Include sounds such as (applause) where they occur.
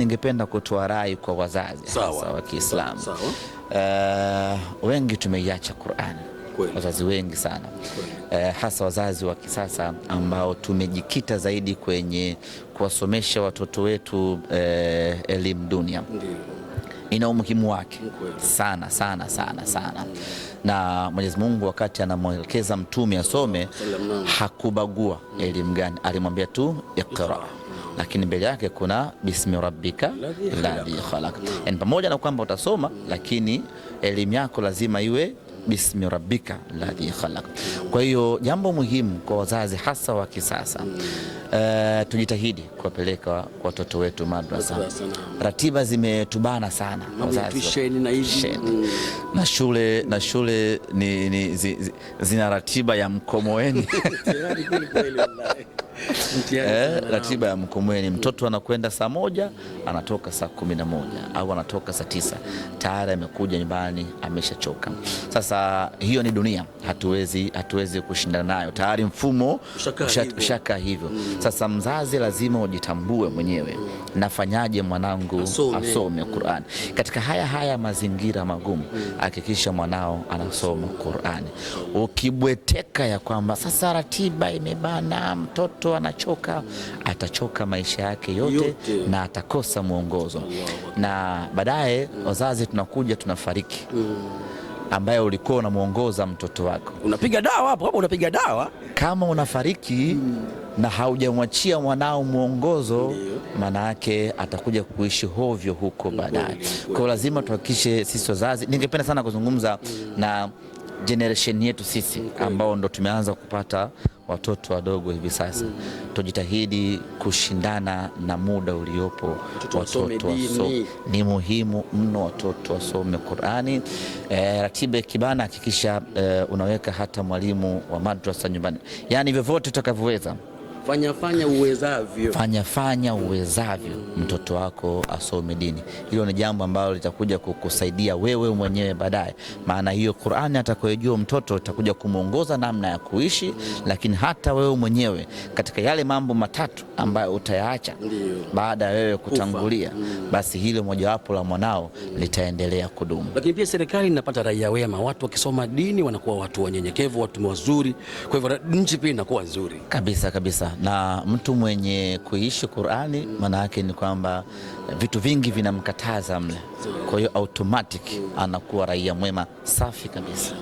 Ningependa kutoa rai kwa wazazi hasa wa Kiislamu. Uh, wengi tumeiacha Qur'an, wazazi wengi sana uh, hasa wazazi wa kisasa ambao tumejikita zaidi kwenye kuwasomesha watoto wetu uh, elimu dunia ina umuhimu wake sana sana sana sana, na Mwenyezi Mungu wakati anamwelekeza mtume asome hakubagua elimu gani, alimwambia tu iqra lakini mbele yake kuna bismi rabbika ladhi khalaq. Yani pamoja na kwamba utasoma, lakini elimu yako lazima iwe bismi rabbika ladhi khalaq. Kwa hiyo jambo muhimu kwa wazazi hasa wa kisasa uh, tujitahidi kuwapeleka watoto wetu madrasa. Ratiba zimetubana sana wazazi na shule, na shule ni, ni, zi, zi, zina ratiba ya mkomoeni (laughs) Eh, ratiba ya Mkomweni, mtoto anakwenda saa moja anatoka saa kumi na moja au anatoka saa tisa tayari amekuja nyumbani ameshachoka. Sasa hiyo ni dunia, hatuwezi hatuwezi kushindana nayo, tayari mfumo ushaka hivyo. Mm. Sasa mzazi lazima ujitambue mwenyewe, nafanyaje mwanangu asome, asome Qur'an katika haya haya mazingira magumu. Mm. Hakikisha mm. mwanao anasoma Qur'an, ukibweteka ya kwamba sasa ratiba imebana mtoto mtoto anachoka, atachoka maisha yake yote, yote. na atakosa mwongozo na baadaye mm. wazazi tunakuja tunafariki mm ambaye ulikuwa unamwongoza mtoto wako. Unapiga dawa hapo, kama unapiga dawa, kama unafariki mm. na haujamwachia mwanao mwongozo, maana yake atakuja kuishi hovyo huko baadaye. Kwa lazima tuhakikishe sisi wazazi, ningependa sana kuzungumza mm. na generation yetu sisi ambao ndo tumeanza kupata watoto wadogo hivi sasa mm. Tujitahidi kushindana na muda uliopo, watoto wasome. Ni muhimu mno watoto wasome Qurani. E, ratiba ya kibana hakikisha e, unaweka hata mwalimu wa madrasa nyumbani, yaani vyovyote utakavyoweza. Fanya fanya uwezavyo, fanya fanya uwezavyo mtoto wako asome dini. Hilo ni jambo ambalo litakuja kukusaidia wewe mwenyewe baadaye, maana hiyo Qur'ani atakayojua mtoto itakuja kumwongoza namna ya kuishi, lakini hata wewe mwenyewe katika yale mambo matatu ambayo utayaacha baada ya wewe kutangulia, mm. basi hilo mojawapo la mwanao litaendelea kudumu. Lakini pia serikali inapata raia wema, watu wakisoma dini wanakuwa watu wanyenyekevu, watu wazuri, kwa hivyo nchi pia inakuwa nzuri kabisa kabisa na mtu mwenye kuishi Qur'ani maana yake ni kwamba vitu vingi vinamkataza mle, kwa hiyo automatic anakuwa raia mwema safi kabisa.